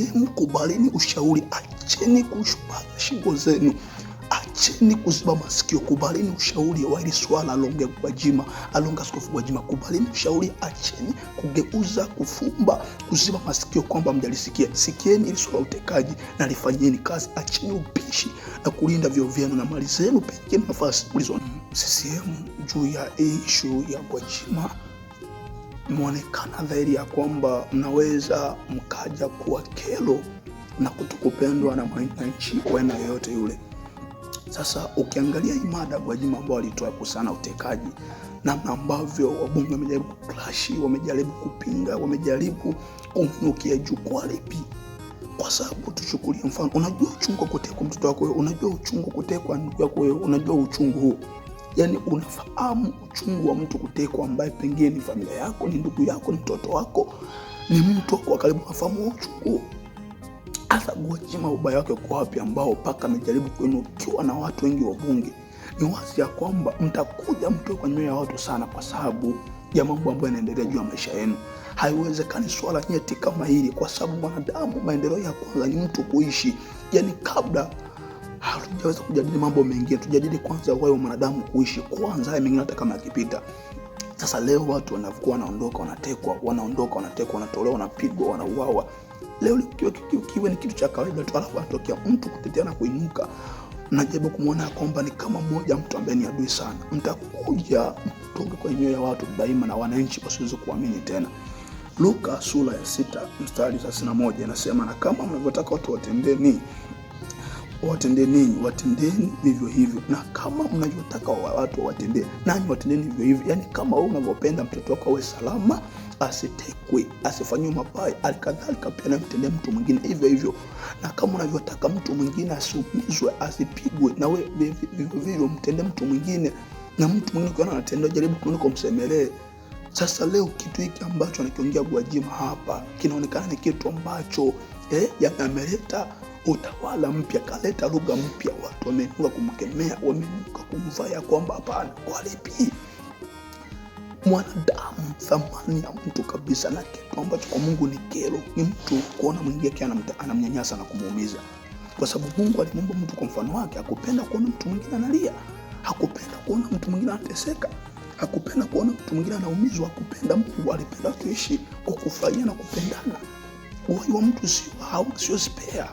CCM, kubalini ushauri, acheni kushupaza shingo zenu, acheni kuziba masikio, kubalini ushauri wa hili swala Longe Gwajima, Alonga Askofu Gwajima, kubalini ushauri, acheni kugeuza, kufumba, kuziba masikio kwamba mjalisikia. Sikieni hili swala utekaji na lifanyeni kazi, acheni upishi na kulinda vyo vyenu na mali zenu, pekeni nafasi ulizo CCM mm, juu ya issue ya Gwajima imeonekana dhahiri ya kwamba mnaweza mkaja kuwa kelo na kutokupendwa na mwananchi wena yoyote yule. Sasa ukiangalia imada mada Gwajima ambao alitoa kusana utekaji, namna ambavyo wabunge wamejaribu kuklashi, wamejaribu kupinga, wamejaribu kumnukia jukwaa lipi? Kwa sababu tuchukulie mfano, unajua uchungu wa kutekwa mtoto wako unajua uchungu wa kutekwa ndugu yako unajua uchungu huu yani unafahamu uchungu wa mtu kutekwa, ambaye pengine ni familia yako, ni ndugu yako, ni mtoto wako, ni mtu wako wa karibu. Unafahamu uchungu hasa Gwajima, ubaya wake kwa wapi, ambao mpaka amejaribu kuinukiwa na watu wengi wa bunge. Ni wazi ya kwamba mtakuja kwa nyuma ya watu sana, kwa sababu ya mambo ambayo yanaendelea juu ya maisha yenu. Haiwezekani swala nyeti kama hili, kwa sababu mwanadamu, maendeleo ya kwanza ni mtu kuishi, yani kabla hatujaweza kujadili mambo mengine, tujadili kwanza uhai wa mwanadamu kuishi kwanza, haya mengine hata kama yakipita. Sasa leo watu wanavyokuwa wanaondoka, wanatekwa, wanaondoka, wanatekwa, wanatolewa, wanapigwa, wanauawa. Leo kiwe ni kitu cha kawaida tu, alafu anatokea mtu kutetea na kuinuka najaribu kumwona kwamba ni kama mmoja mtu ambaye ni adui sana. Mtakuja mtoke kwenye mioyo ya watu daima na wananchi wasiweze kuamini tena. Luka sura ya sita mstari thelathini na moja inasema, na kama mnavyotaka watu watendeni watendee ninyi, watendeni vivyo hivyo. Na kama mnavyotaka watu watendee nanyi, watendeni vivyo hivyo. Yani kama wewe unavyopenda mtoto wako awe salama, asitekwe, asifanyiwe mabaya, alikadhalika pia namtendea mtu mwingine hivyo hivyo. Na kama unavyotaka mtu mwingine asiumizwe, asipigwe, na wewe vivyo hivyo mtendee mtu mwingine. Na mtu mwingine ukiona anatendea, jaribu kuona kumsemelee. Sasa leo kitu hiki ambacho anakiongea Gwajima hapa kinaonekana ni kitu ambacho eh, yameleta utawala mpya, kaleta lugha mpya. Watu wameinuka kumkemea, wameinuka kumvaya kwamba hapana, walipi mwanadamu thamani ya mtu kabisa, na kitu ambacho kwa Mungu ni kero ni mtu kuona mwingine kia anamnyanyasa na kumuumiza, kwa sababu Mungu alimuumba mtu kwa mfano wake. Hakupenda kuona mtu mwingine analia, hakupenda kuona mtu mwingine anateseka, hakupenda kuona mtu mwingine anaumizwa, hakupenda. Mungu alipenda tuishi kwa kufurahia na kupendana. Uhai wa mtu sio sio spare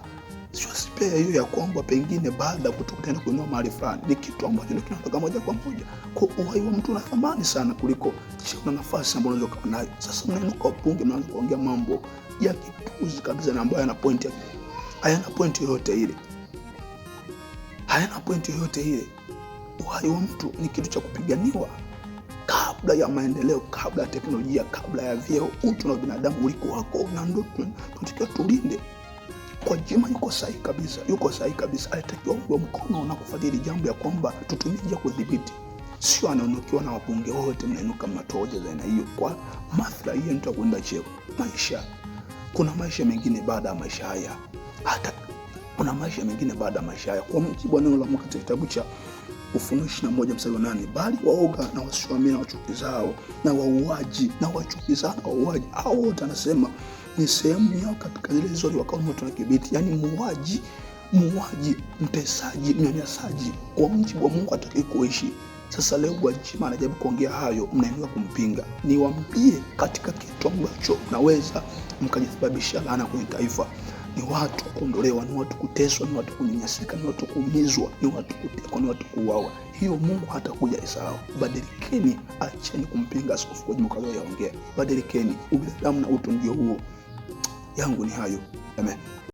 sio spare hiyo ya kwamba pengine baada ya kutokutana kununua mahali fulani, ni kitu ambacho kinatoka moja kwa moja kwa uhai wa mtu, na thamani sana kuliko kisha na nafasi ambayo unaweza kuwa nayo. Sasa mnaenda kwa punge, mnaanza kuongea mambo ya kipuzi kabisa, na ambayo yana point ya hayana point yoyote ile, hayana point yoyote ile. Uhai wa mtu ni kitu cha kupiganiwa kabla ya maendeleo, kabla ya teknolojia, kabla ya vyeo. Utu na binadamu uliko wako na ndio tunatakiwa tulinde kwa jema yuko sahihi kabisa, yuko sahihi kabisa. Alitakiwa ungwe mkono na kufadhili jambo ya kwamba tutumie njia kudhibiti, sio anaonukiwa na wabunge wote, mnainuka mnatoa hoja za aina hiyo. Kwa maslahi mtu akwenda cheo maisha. Kuna maisha mengine baada ya maisha haya, hata kuna maisha mengine baada ya maisha haya, kwa mujibu wa neno la Mungu katika kitabu cha Ufunuo ishirini na moja mstari wa nane bali waoga na wasioamini na wachuki zao na wauaji na wachuki zao na wauaji, hao wote anasema ni sehemu yao katika zile wakawa wakaona watu kibiti, yani muuaji, muuaji, mtesaji, mnyanyasaji, kwa mjibu wa Mungu ataki kuishi. Sasa leo Gwajima anajaribu kuongea hayo, mnaendelea kumpinga. Niwaambie, katika kitu ambacho mnaweza mkajisababisha laana kwenye taifa ni watu kuondolewa, ni watu kuteswa, ni watu kunyanyasika, ni watu kuumizwa, ni watu kutekwa, ni watu kuuawa. Hiyo Mungu hatakuja isahau. Badilikeni, acheni kumpinga askofu Gwajima kwa yaongea. Badilikeni, ubinadamu na utu ndio huo yangu ni hayo. Amen.